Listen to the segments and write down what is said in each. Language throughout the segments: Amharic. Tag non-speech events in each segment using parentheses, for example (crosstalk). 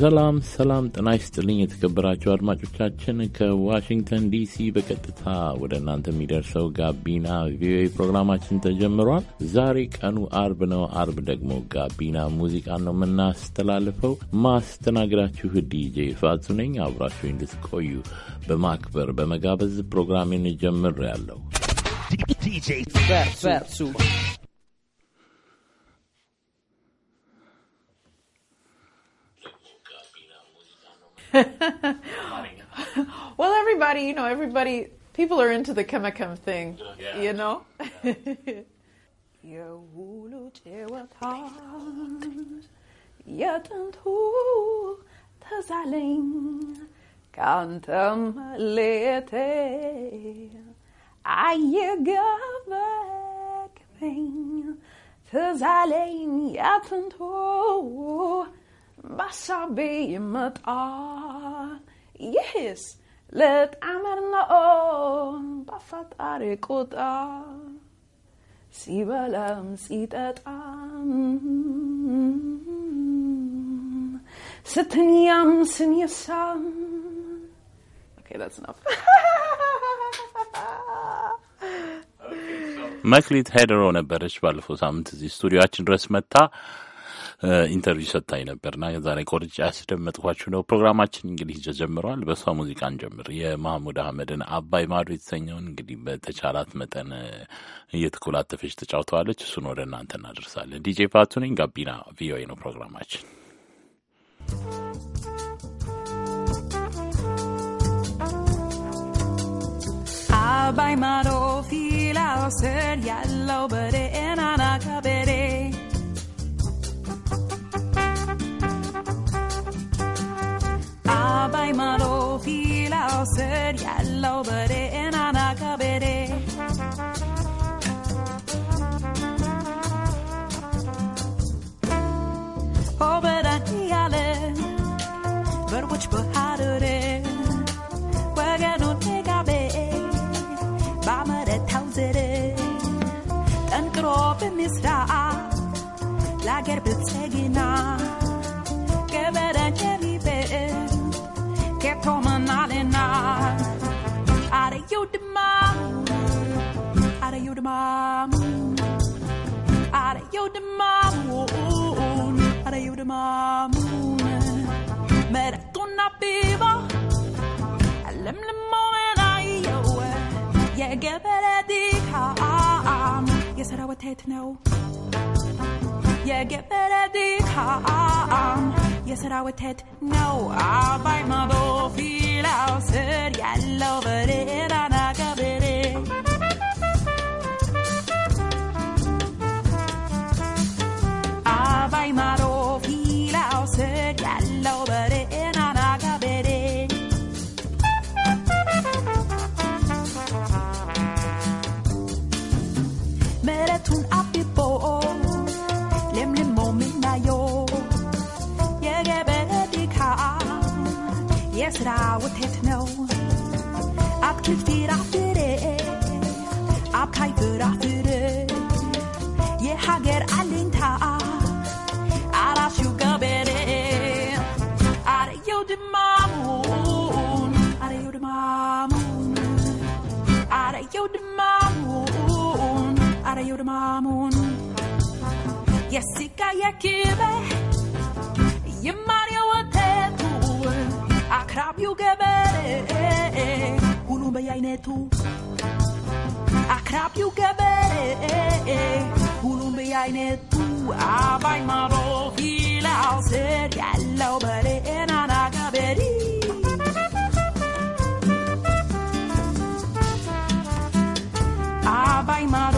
ሰላም ሰላም፣ ጤና ይስጥልኝ የተከበራችሁ አድማጮቻችን ከዋሽንግተን ዲሲ በቀጥታ ወደ እናንተ የሚደርሰው ጋቢና ቪኦኤ ፕሮግራማችን ተጀምሯል። ዛሬ ቀኑ አርብ ነው። አርብ ደግሞ ጋቢና ሙዚቃን ነው የምናስተላልፈው። ማስተናግዳችሁ ዲጄ ፋቱ ነኝ። አብራችሁ እንድትቆዩ በማክበር በመጋበዝ ፕሮግራሜን ጀምር ያለው (laughs) well, everybody, you know, everybody, people are into the kemakem thing, yeah. you know? ባሳቤ ይመጣል ይህስ ልጣመር ነው በፈጣሪ ቁጣ ሲበላም ሲጠጣም ስትንያም ስንየሳም መክሊት ሄደሮ ነበረች። ባለፈው ሳምንት እዚህ ስቱዲዮችን ድረስ መታ ኢንተርቪው ሰጥታኝ ነበርና ዛሬ ቆርጬ ያስደመጥኳችሁ ነው። ፕሮግራማችን እንግዲህ ጀምረዋል። በእሷ ሙዚቃ ጀምር የማህሙድ አህመድን አባይ ማዶ የተሰኘውን እንግዲህ በተቻላት መጠን እየተኮላተፈች ተጫውተዋለች። እሱን ወደ እናንተ እናደርሳለን። ዲጄ ፋቱ ነኝ። ጋቢና ቪኦኤ ነው ፕሮግራማችን። አባይ ማዶ ፊላስር ያለው በሬ እናና ከበሬ bai maro pila o ser yalo bere enana kabere Obera tiale Verwich bu harure Wage no te gabe Ba mare tausere Dan krope misra la bitsegina Lager bitsegina المامونة مرقت النبيبة اللملم وغناية يا جبل ديك عام يا سراوة هاتناو يا جبل ديك عام يا سراوة هاتناو عباي ما بو في العصر يا لوفرين انا قبري አክራቢው ገበሬ ሁሉም በየአይነቱ አባይ ማሮ ፊላው ስር ያለው በሬ ናና ገበሬ አባይ ማሮ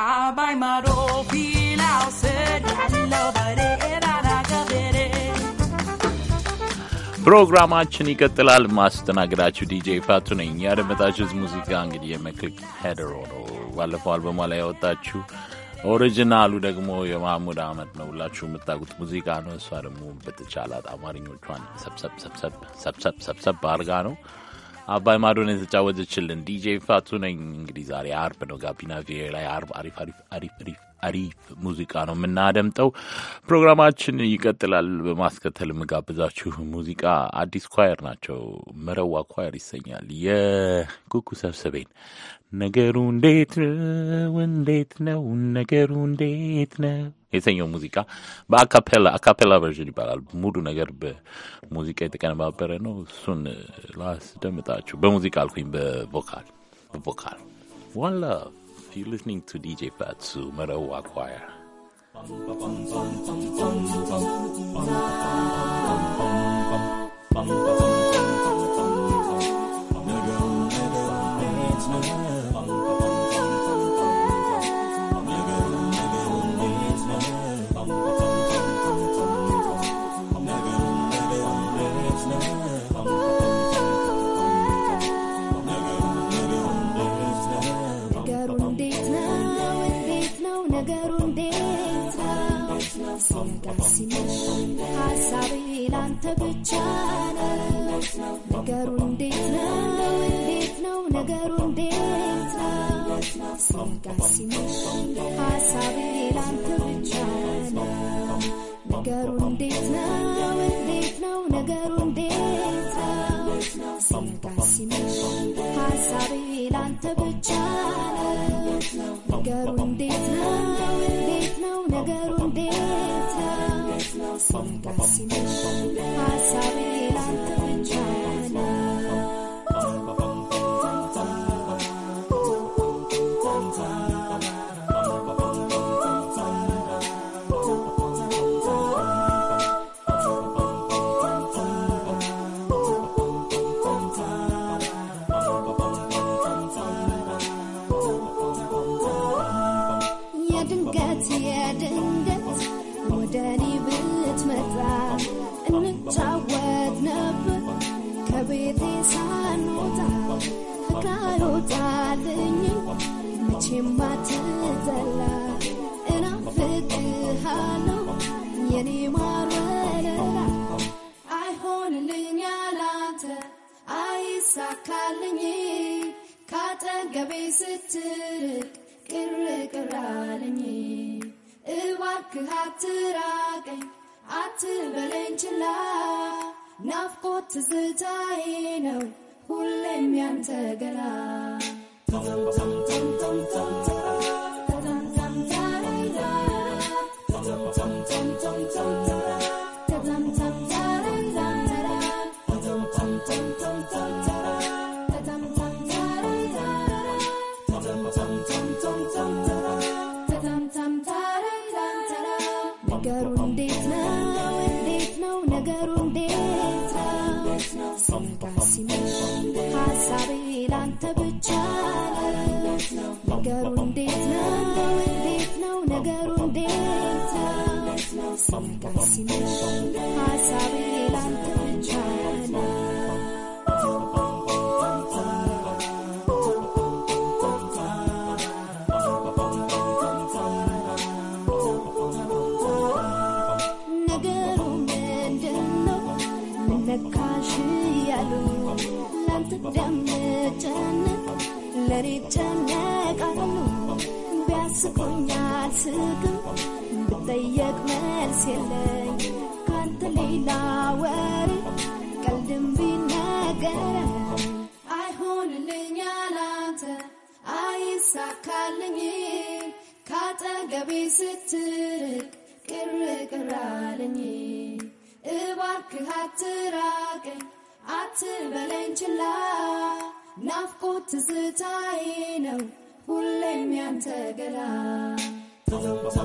I buy my rope, feel out, said, I love it, I got it. ፕሮግራማችን ይቀጥላል። ማስተናግዳችሁ ዲጄ ፋቱ ነኝ። ያደመጣችሁት ሙዚቃ እንግዲህ የመክሊክ ሄደሮ ነው። ባለፈው አልበሟ ላይ ያወጣችሁ ኦሪጂናሉ ደግሞ የማህሙድ አህመድ ነው። ሁላችሁ የምታውቁት ሙዚቃ ነው። እሷ ደግሞ በተቻላት አማርኞቿን ሰብሰብ ሰብሰብ ሰብሰብ ሰብሰብ አርጋ ነው አባይ ማዶን የተጫወተችልን ዲጄ ፋቱ ነኝ። እንግዲህ ዛሬ አርብ ነው። ጋቢና ቪ ላይ አርብ አሪፍ አሪፍ አሪፍ አሪፍ አሪፍ ሙዚቃ ነው የምናደምጠው። ፕሮግራማችን ይቀጥላል። በማስከተል የምጋብዛችሁ ሙዚቃ አዲስ ኳየር ናቸው። መረዋ ኳየር ይሰኛል። የኩኩ ሰብስቤን ነገሩ እንዴት ነው? እንዴት ነው ነገሩ? እንዴት ነው የተኛው ሙዚቃ በአካፔላ አካፔላ ቨርዥን ይባላል። ሙሉ ነገር በሙዚቃ የተቀነባበረ ነው። እሱን ላስደምጣችሁ። በሙዚቃ አልኩኝ፣ በቮካል በቮካል ዋን ላቭ ዩ ሊስኒንግ ቱ ዲጄ ፋትሱ መረዋ ኳየር Bum ሀሳቤ ላንተ ብቻ እንዴት ነው? ነው ነገሩ እንዴት ነው? ሲጋሲሞ ሀሳቤ ላንተ ብቻ ነው። ነገሩ እንዴት ነው? እባክህ አትራቀኝ አትበለኝ ችላ ናፍቆት ትዝታዬ ነው ሁሌም ያንተ ገላ ያስቀኛል ስቅም ብጠየቅ መልስ የለኝ ካንተ ሌላ ወሬ ቀልድም ቢነገረኝ አይሆንልኛል አንተ አይሳካልኝ ካጠገቤ ስትርቅ ቅርቅር አለኝ እባክህ አትራቀኝ አትበለኝ ችላ ናፍቆት ትዝታዬ ነው ሁሌም ያንተ ገላ ታ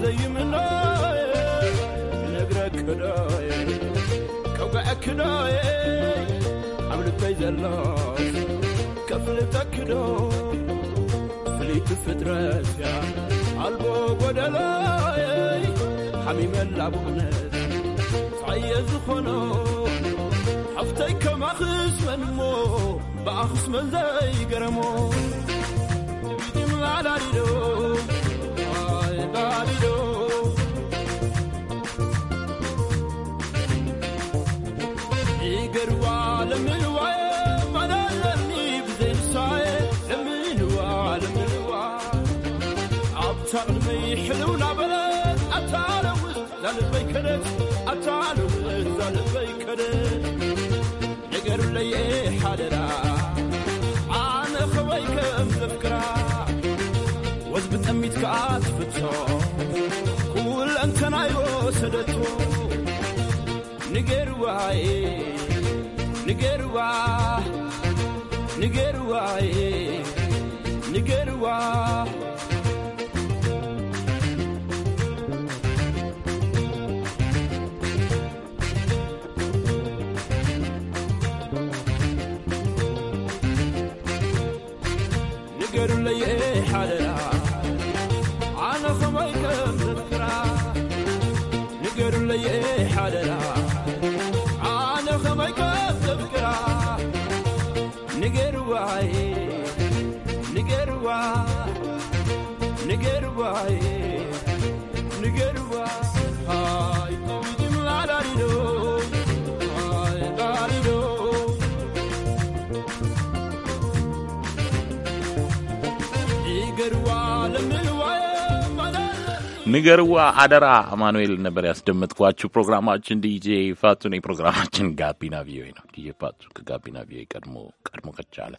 ዘይምናየ ነግረክናየ ከውግዐክናየ ኣብ ልበይ ዘሎ ከፍልተክዶ ፍልይቲ ፍጥረት ያ ኣልቦ ጐደላየ ሓሚመላብነት ፃየ ዝኾኖ ሓፍተይ ከም ኣኽስመን እሞ ብኣኽስመን ዘይገረሞ ትቢድምዓላሪዶ ከበደ ንገሩለየ ሓደራ ኣነ ኸወይ ከም ዘፍክራ ወዝቢ ጠሚትከኣ ትፍጾ ኲለንተናዮ ሰደቶ ንገርዋዬ ንገርዋ ንገርዋዬ ንገርዋ país. ንገርዋ አደራ አማኑኤል ነበር ያስደመጥኳችሁ። ፕሮግራማችን ዲጄ ፋቱ ነው። የፕሮግራማችን ጋቢና ቪኦኤ ነው። ዲጄ ፋቱ ከጋቢና ቪኦኤ ቀድሞ ቀድሞ ከቻለ።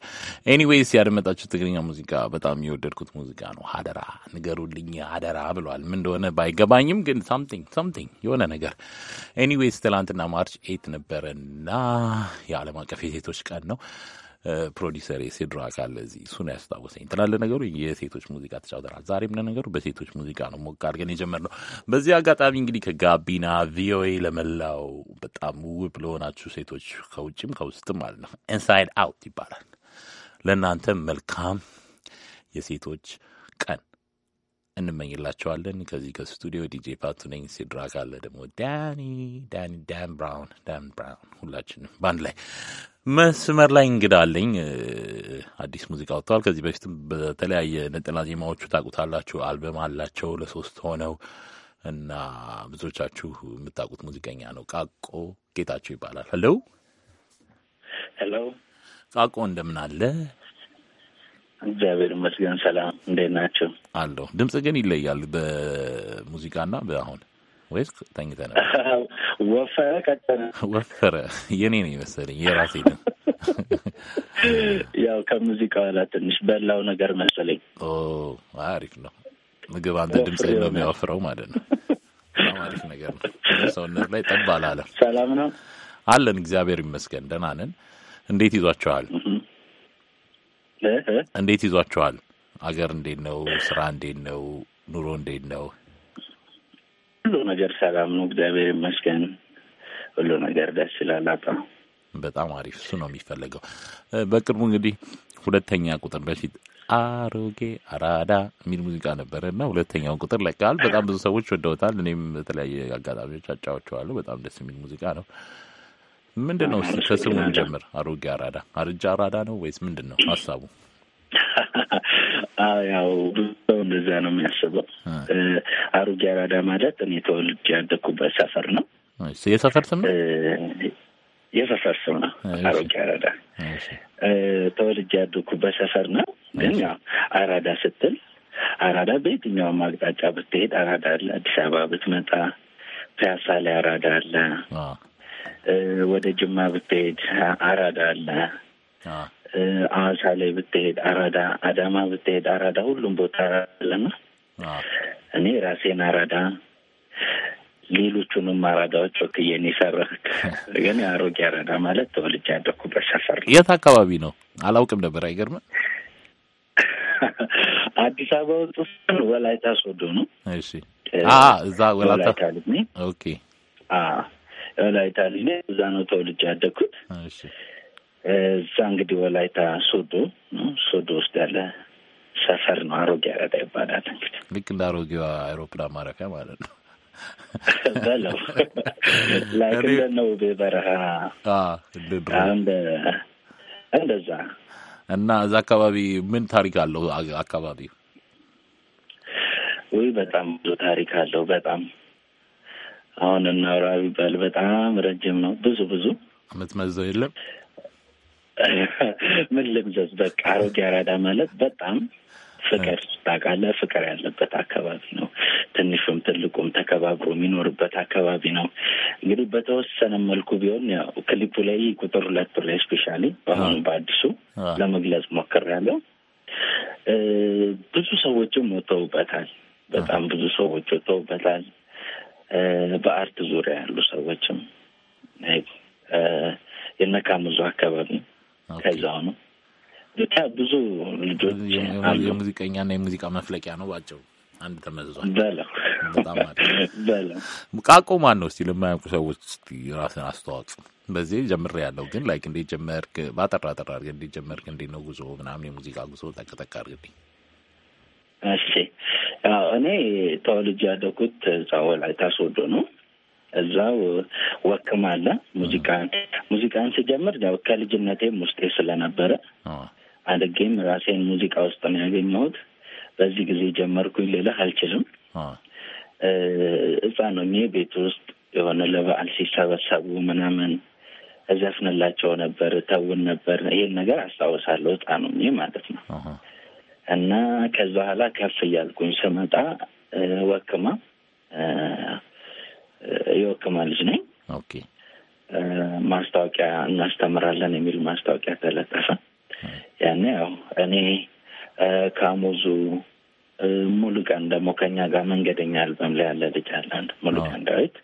ኤኒዌይስ ያደመጣችሁ ትግርኛ ሙዚቃ በጣም የወደድኩት ሙዚቃ ነው። አደራ ንገሩልኝ አደራ ብሏል። ምን እንደሆነ ባይገባኝም ግን ሳምቲንግ ሳምቲንግ የሆነ ነገር። ኤኒዌይስ ትላንትና ማርች ኤት ነበረና የዓለም አቀፍ የሴቶች ቀን ነው። ፕሮዲሰር ሲድራክ አለ እዚህ እሱን ያስታወሰኝ ትላለ። ነገሩ የሴቶች ሙዚቃ ተጫውተናል ዛሬም ለነገሩ በሴቶች ሙዚቃ ነው ሞቅ አድርገን የጀመርነው። በዚህ አጋጣሚ እንግዲህ ከጋቢና ቪኦኤ ለመላው በጣም ውብ ለሆናችሁ ሴቶች ከውጭም ከውስጥም ማለት ነው ኢንሳይድ አውት ይባላል። ለእናንተ መልካም የሴቶች ቀን እንመኝላቸዋለን። ከዚህ ከስቱዲዮ ዲጄ ፓቱ ነኝ። ሲድራ ካለ ደግሞ ዳኒ ዳኒ ዳን ብራውን ዳን ብራውን ሁላችንም በአንድ ላይ መስመር ላይ እንግዳ አለኝ። አዲስ ሙዚቃ ወጥተዋል። ከዚህ በፊትም በተለያየ ነጠላ ዜማዎቹ ታውቁታላችሁ። አልበም አላቸው ለሶስት ሆነው እና ብዙዎቻችሁ የምታውቁት ሙዚቀኛ ነው። ቃቆ ጌታቸው ይባላል። ሄሎ ሄሎ፣ ቃቆ እንደምን አለ? እግዚአብሔር ይመስገን። ሰላም፣ እንዴት ናቸው? አለሁ። ድምፅ ግን ይለያል በሙዚቃና በአሁን ወይስ ተኝተህ ነበር? ወፈረ ቀጠነ? (laughs) ወፈረ የኔ ነው የመሰለኝ የራሴ ነው። ያው ከሙዚቃ ኋላ ትንሽ በላው ነገር መሰለኝ። አሪፍ ነው ምግብ። አንተ ድምፅ ነው የሚያወፍረው ማለት ነው። አሪፍ ነገር ነው። ሰውነት ላይ ጠብ አላለም። ሰላም ነው አለን። እግዚአብሔር ይመስገን ደህና ነን። እንዴት ይዟችኋል? እንዴት ይዟችኋል? አገር እንዴት ነው? ስራ እንዴት ነው? ኑሮ እንዴት ነው? ሁሉ ነገር ሰላም ነው፣ እግዚአብሔር ይመስገን። ሁሉ ነገር ደስ ይላል። በጣም በጣም አሪፍ። እሱ ነው የሚፈለገው። በቅርቡ እንግዲህ ሁለተኛ ቁጥር በፊት አሮጌ አራዳ የሚል ሙዚቃ ነበረ እና ሁለተኛውን ቁጥር ለቃል በጣም ብዙ ሰዎች ወደውታል። እኔም በተለያየ አጋጣሚዎች አጫወቸዋለሁ። በጣም ደስ የሚል ሙዚቃ ነው። ምንድን ነው ከስሙ እንጀምር። አሮጌ አራዳ አርጃ አራዳ ነው ወይስ ምንድን ነው ሀሳቡ? (laughs) ያው ሰው እንደዛ ነው የሚያስበው። አሮጌ አራዳ ማለት እኔ ተወልጄ ያደግኩበት ሰፈር ነው። የሰፈር ስም ነው፣ የሰፈር ስም ነው። አሮጌ አራዳ ተወልጄ ያደግኩበት ሰፈር ነው። ግን ያው አራዳ ስትል አራዳ በየትኛውም አቅጣጫ ብትሄድ አራዳ አለ። አዲስ አበባ ብትመጣ ፒያሳ ላይ አራዳ አለ። ወደ ጅማ ብትሄድ አራዳ አለ። አዋሳ ላይ ብትሄድ፣ አራዳ፣ አዳማ ብትሄድ፣ አራዳ ሁሉም ቦታ አለና እኔ ራሴን አራዳ ሌሎቹንም አራዳዎች ወክዬን የሰራሁት (laughs) ግን አሮጌ አራዳ ማለት ተወልጄ ያደኩበት ሰፈር ነው። የት አካባቢ ነው አላውቅም ነበር። አይገርምም? (laughs) አዲስ አበባ ውስጥ ወላይታ ሶዶ ነው። እሺ፣ እዛ ወላይታ ልኔ ኦኬ፣ ወላይታ ልሜ፣ እዛ ነው ተወልጄ ያደኩት። እዛ እንግዲህ ወላይታ ሶዶ ሶዶ ውስጥ ያለ ሰፈር ነው። አሮጌ አራዳ ይባላል። እንግዲህ ልክ እንደ አሮጌዋ አይሮፕላን ማረፊያ ማለት ነው በለው (laughs) ላይክ በረሃ እንደዛ እና እዛ አካባቢ ምን ታሪክ አለው? አካባቢው ወይ በጣም ብዙ ታሪክ አለው። በጣም አሁን እናውራ ቢባል በጣም ረጅም ነው። ብዙ ብዙ የምትመዘው የለም ምን ልምዘዝ በቃ አሮጌ አራዳ ማለት በጣም ፍቅር ታውቃለህ፣ ፍቅር ያለበት አካባቢ ነው። ትንሹም ትልቁም ተከባብሮ የሚኖርበት አካባቢ ነው። እንግዲህ በተወሰነ መልኩ ቢሆን ያው ክሊፑ ላይ ቁጥር ሁለት ላይ ስፔሻሊ በአሁኑ በአዲሱ ለመግለጽ ሞክሬያለሁ። ብዙ ሰዎችም ወጥተውበታል። በጣም ብዙ ሰዎች ወጥተውበታል። በአርት ዙሪያ ያሉ ሰዎችም ምዙ አካባቢ ከዛ ነው ብዙ ልጆች የሙዚቀኛና የሙዚቃ መፍለቂያ ነው ባጭሩ። አንድ ተመዝዟል በለው ቃቆ ማን ነው እስቲ ለማያውቁ ሰዎች እስቲ ራስን አስተዋውቅ። በዚህ ጀምር ያለው ግን ላይክ እንዴት ጀመርክ? ባጠር አጠር አድርገህ እንዴት ጀመርክ? እንዴት ነው ጉዞ ምናምን የሙዚቃ ጉዞ ጠቅጠቅ አድርግልኝ። እሺ፣ እኔ ተወልጄ ያደኩት እዛ ወላይታ ሶዶ ነው። እዛው ወክም አለ ሙዚቃን ሙዚቃን ስጀምር ያው ከልጅነቴም ውስጤ ስለነበረ አድጌም ራሴን ሙዚቃ ውስጥ ነው ያገኘሁት። በዚህ ጊዜ ጀመርኩኝ ልልህ አልችልም። ሕፃን ሆኜ ቤት ውስጥ የሆነ ለበዓል ሲሰበሰቡ ምናምን እዘፍንላቸው ነበር፣ ተውን ነበር። ይሄን ነገር አስታውሳለሁ፣ ሕፃን ሆኜ ማለት ነው። እና ከዛ በኋላ ከፍ እያልኩኝ ስመጣ ወክማ የወክማ ልጅ ነኝ። ኦኬ ማስታወቂያ እናስተምራለን የሚል ማስታወቂያ ተለጠፈ። ያኔ ያው እኔ ከሙዙ ሙሉቀን ደግሞ ከኛ ጋር መንገደኛ አልበም ላይ ያለ ልጅ አለን፣ ሙሉቀን ዳዊት።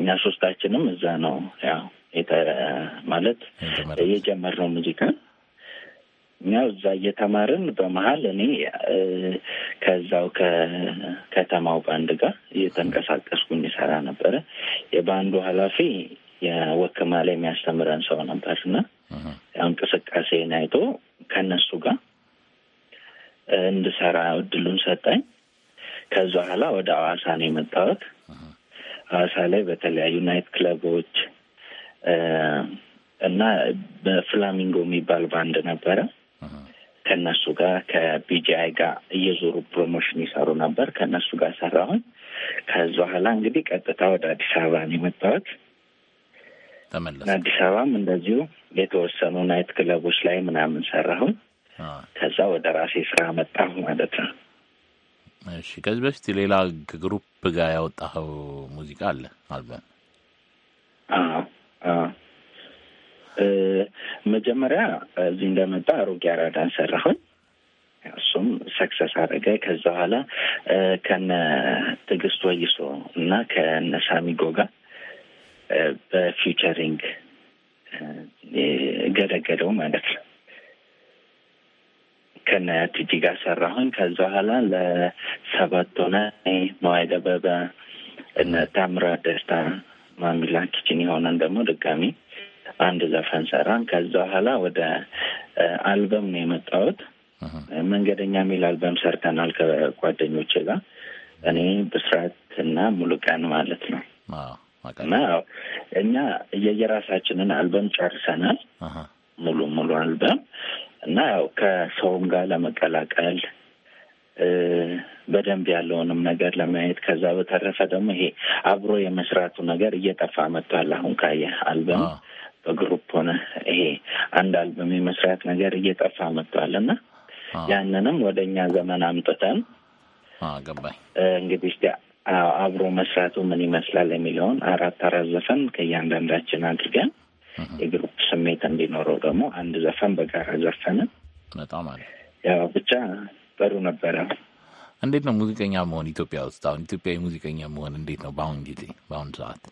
እኛ ሶስታችንም እዛ ነው ያው ማለት የጀመርነው ሙዚቃ እኛ እዛ እየተማርን በመሀል እኔ ከዛው ከከተማው ባንድ ጋር እየተንቀሳቀስኩኝ ይሰራ ነበረ። የባንዱ ኃላፊ የወክማ ላይ የሚያስተምረን ሰው ነበር እና እንቅስቃሴን አይቶ ከነሱ ጋር እንድሰራ እድሉን ሰጠኝ። ከዛ ኋላ ወደ አዋሳ ነው የመጣሁት። አዋሳ ላይ በተለያዩ ናይት ክለቦች እና በፍላሚንጎ የሚባል ባንድ ነበረ። ከእነሱ ጋር ከቢጂአይ ጋር እየዞሩ ፕሮሞሽን ይሰሩ ነበር። ከእነሱ ጋር ሰራሁኝ። ከዚ በኋላ እንግዲህ ቀጥታ ወደ አዲስ አበባ ነው የመጣሁት። አዲስ አበባም እንደዚሁ የተወሰኑ ናይት ክለቦች ላይ ምናምን ሰራሁኝ። ከዛ ወደ ራሴ ስራ መጣሁ ማለት ነው። እሺ፣ ከዚህ በፊት ሌላ ግሩፕ ጋር ያወጣኸው ሙዚቃ አለ አልበም? አዎ መጀመሪያ እዚህ እንደመጣ ሮጌ አራዳ ሰራሁኝ። እሱም ሰክሰስ አደረገ። ከዛ በኋላ ከነ ትዕግስት ወይሶ እና ከነ ሳሚ ጎጋ በፊውቸሪንግ ገደገደው ማለት ነው። ከነ ቲጂ ጋር ሰራሁኝ። ከዛ በኋላ ለሰባት ሆነ መዋይ ደበበ፣ እነ ታምራ ደስታ፣ ማሚላ ኪችን የሆነን ደግሞ ድጋሚ አንድ ዘፈን ሰራን። ከዛ በኋላ ወደ አልበም ነው የመጣሁት። መንገደኛ የሚል አልበም ሰርተናል ከጓደኞቼ ጋር እኔ ብስራት እና ሙሉቀን ማለት ነው። እና እኛ የየራሳችንን አልበም ጨርሰናል ሙሉ ሙሉ አልበም እና ያው ከሰውም ጋር ለመቀላቀል በደንብ ያለውንም ነገር ለማየት ከዛ በተረፈ ደግሞ ይሄ አብሮ የመስራቱ ነገር እየጠፋ መጥቷል። አሁን ካየህ አልበም በግሩፕ ሆነ ይሄ አንድ አልበም የመስራት ነገር እየጠፋ መጥቷል እና ያንንም ወደ እኛ ዘመን አምጥተን እንግዲህ አብሮ መስራቱ ምን ይመስላል የሚለውን አራት አራት ዘፈን ከእያንዳንዳችን አድርገን የግሩፕ ስሜት እንዲኖረው ደግሞ አንድ ዘፈን በጋራ ዘፈንን። በጣም አለ ያው ብቻ ጥሩ ነበረ። እንዴት ነው ሙዚቀኛ መሆን ኢትዮጵያ ውስጥ አሁን ኢትዮጵያዊ ሙዚቀኛ መሆን እንዴት ነው በአሁን ጊዜ በአሁኑ ሰዓት?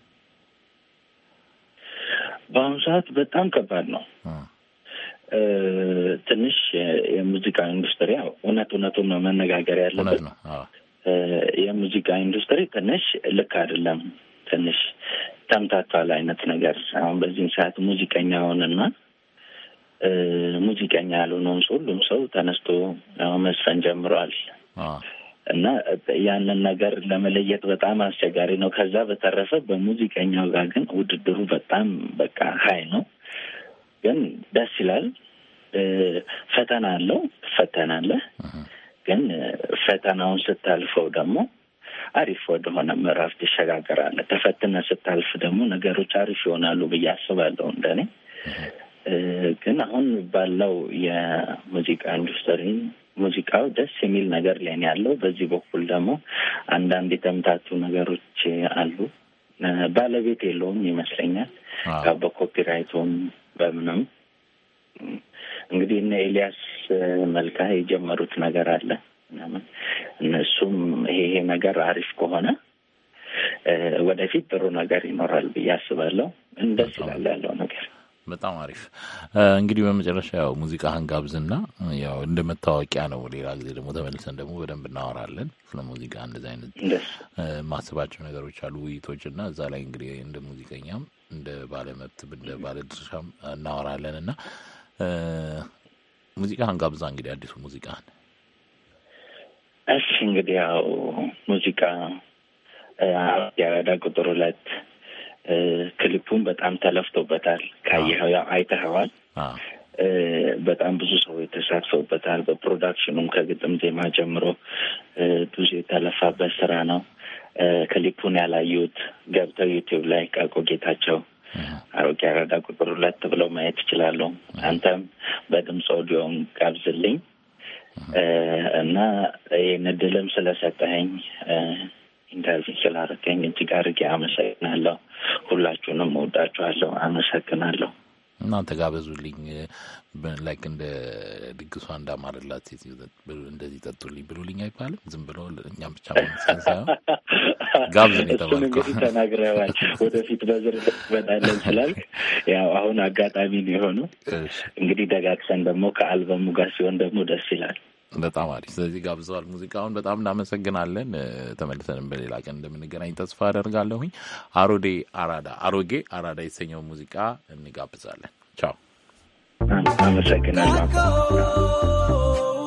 በአሁኑ ሰዓት በጣም ከባድ ነው። ትንሽ የሙዚቃ ኢንዱስትሪ ያው እውነት እውነቱ መነጋገር ያለበት የሙዚቃ ኢንዱስትሪ ትንሽ ልክ አይደለም። ትንሽ ተምታቷል አይነት ነገር አሁን በዚህም ሰዓት ሙዚቀኛ ሆንና ሙዚቀኛ ያልሆነውን ሁሉም ሰው ተነስቶ መስፈን ጀምረዋል። እና ያንን ነገር ለመለየት በጣም አስቸጋሪ ነው። ከዛ በተረፈ በሙዚቀኛው ጋር ግን ውድድሩ በጣም በቃ ሀይ ነው፣ ግን ደስ ይላል። ፈተና አለው፣ ፈተና አለ። ግን ፈተናውን ስታልፈው ደግሞ አሪፍ ወደሆነ ምዕራፍ ትሸጋገራለህ። ተፈትነ ስታልፍ ደግሞ ነገሮች አሪፍ ይሆናሉ ብዬ አስባለሁ እንደኔ። ግን አሁን ባለው የሙዚቃ ኢንዱስትሪ ሙዚቃው ደስ የሚል ነገር ለእኔ ያለው። በዚህ በኩል ደግሞ አንዳንድ የተምታቱ ነገሮች አሉ። ባለቤት የለውም ይመስለኛል ያው በኮፒራይቱም በምንም እንግዲህ እነ ኤልያስ መልካ የጀመሩት ነገር አለ ምናምን እነሱም ይሄ ይሄ ነገር አሪፍ ከሆነ ወደፊት ጥሩ ነገር ይኖራል ብዬ አስባለሁ። እንደስ ይላል ያለው ነገር በጣም አሪፍ እንግዲህ በመጨረሻ ያው ሙዚቃህን ጋብዝና ያው እንደ መታወቂያ ነው። ሌላ ጊዜ ደግሞ ተመልሰን ደግሞ በደንብ እናወራለን ስለ ሙዚቃ። እንደዚህ አይነት ማስባቸው ነገሮች አሉ ውይይቶች እና እዛ ላይ እንግዲህ እንደ ሙዚቀኛም እንደ ባለመብት እንደ ባለድርሻም እናወራለን እና ሙዚቃህን ጋብዛ እንግዲህ አዲሱ ሙዚቃህን። እሺ እንግዲህ ያው ሙዚቃ የአራዳ ቁጥር ሁለት ክሊፑን በጣም ተለፍቶበታል። ካየኸው አይተኸዋል። በጣም ብዙ ሰዎች ተሳትፈውበታል። በፕሮዳክሽኑም ከግጥም ዜማ ጀምሮ ብዙ የተለፋበት ስራ ነው። ክሊፑን ያላዩት ገብተው ዩቲዩብ ላይ ቃቆ ጌታቸው አሮጌ አራዳ ቁጥር ሁለት ብለው ማየት ይችላሉ። አንተም በድምፅ ኦዲዮም ጋብዝልኝ እና ይህን እድልም ስለሰጠኸኝ እንደዚህ ስላደረገኝ እጅግ አድርጌ አመሰግናለሁ። ሁላችሁንም እወዳችኋለሁ። አመሰግናለሁ። እናንተ ጋበዙልኝ ላይክ እንደ ድግሷ እንዳማረላት እንደዚህ ጠጡልኝ ብሉልኝ አይባልም። ዝም ብሎ እኛም ብቻ ማመስገን ጋብዝን የተባልኩ እንግዲህ ተናግረዋል። ወደፊት በዝርዝር በጣለን ስላልክ ያው አሁን አጋጣሚ ነው የሆነው። እንግዲህ ደጋግሰን ደግሞ ከአልበሙ ጋር ሲሆን ደግሞ ደስ ይላል። በጣም አሪፍ። ስለዚህ ጋብዘዋል ሙዚቃውን። በጣም እናመሰግናለን። ተመልሰንም በሌላ ቀን እንደምንገናኝ ተስፋ አደርጋለሁኝ። አሮዴ አራዳ አሮጌ አራዳ የተሰኘው ሙዚቃ እንጋብዛለን። ቻው። አመሰግናለሁ።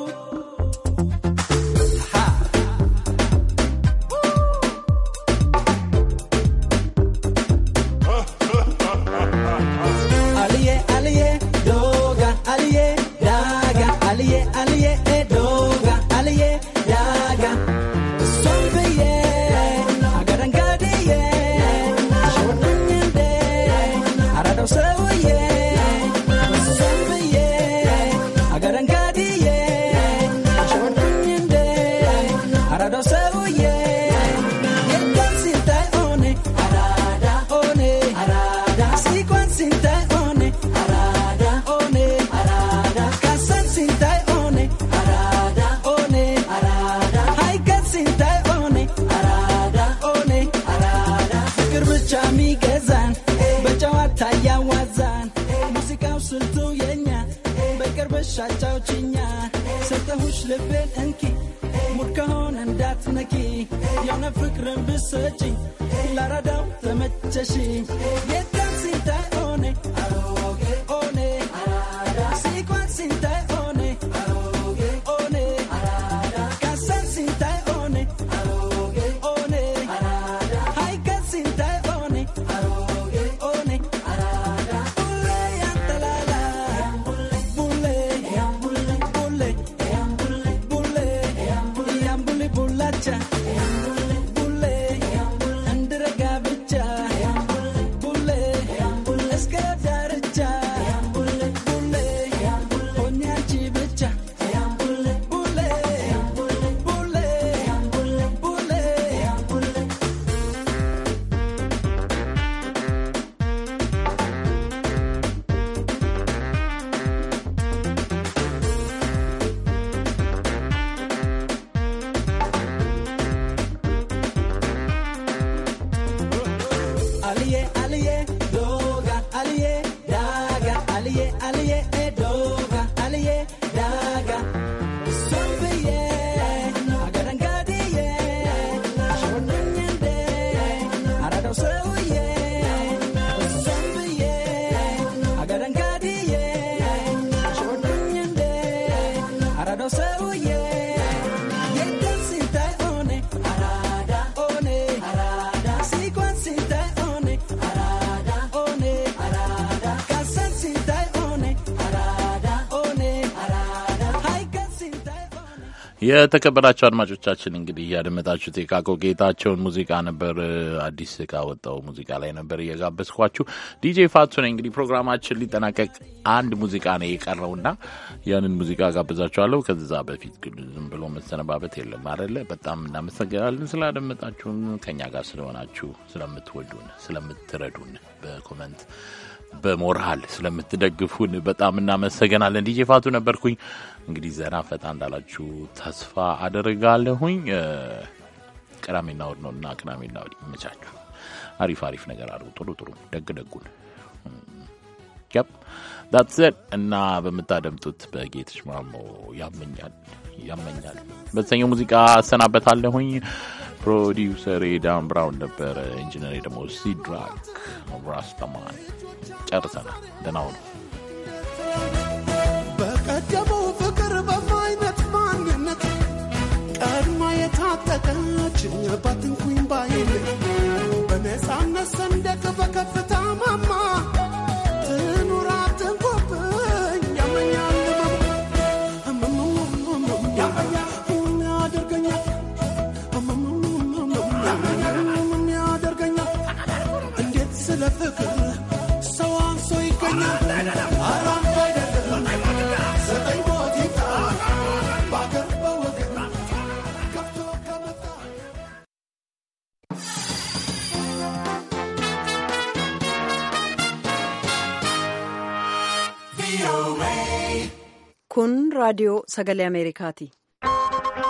ውሽ ልቤን እንኪ ሙድከሆን እንዳትነኪ የሆነ ፍቅርን ብሰጪ ላራዳው ተመቸሽ የታክሲ ታይሆነ አሮጌ የተከበራቸው አድማጮቻችን እንግዲህ እያደመጣችሁት የካቆ ጌታቸውን ሙዚቃ ነበር። አዲስ ካወጣው ሙዚቃ ላይ ነበር እየጋበዝኳችሁ። ዲጄ ፋቱ ነኝ። እንግዲህ ፕሮግራማችን ሊጠናቀቅ አንድ ሙዚቃ ነው የቀረውና ያንን ሙዚቃ ጋብዛችኋለሁ። ከዛ በፊት ግን ዝም ብሎ መሰነባበት የለም አይደለ? በጣም እናመሰግናለን ስላደመጣችሁን፣ ከኛ ጋር ስለሆናችሁ፣ ስለምትወዱን፣ ስለምትረዱን በኮመንት በሞራል ስለምትደግፉን በጣም እናመሰግናለን። ዲጄ ፋቱ ነበርኩኝ። እንግዲህ ዘና ፈታ እንዳላችሁ ተስፋ አደርጋለሁኝ። ቅዳሜና እሑድ ነው እና ቅዳሜና እሑድ ይመቻችሁ። አሪፍ አሪፍ ነገር አድርጉ። ጥሩ ጥሩ ደግ ደጉን ያፕ ዳትሰድ እና በምታደምጡት በጌትሽ ማሞ ያመኛል ያመኛል በተሰኘው ሙዚቃ አሰናበታለሁኝ። ፕሮዲውሰር ዳን ብራውን ነበረ። ኢንጂነር ደግሞ ሲድራክ ራስተማን። ጨርሰናል። ደህና ሁኑ። cut the time of my radio sagalee Amerikaati.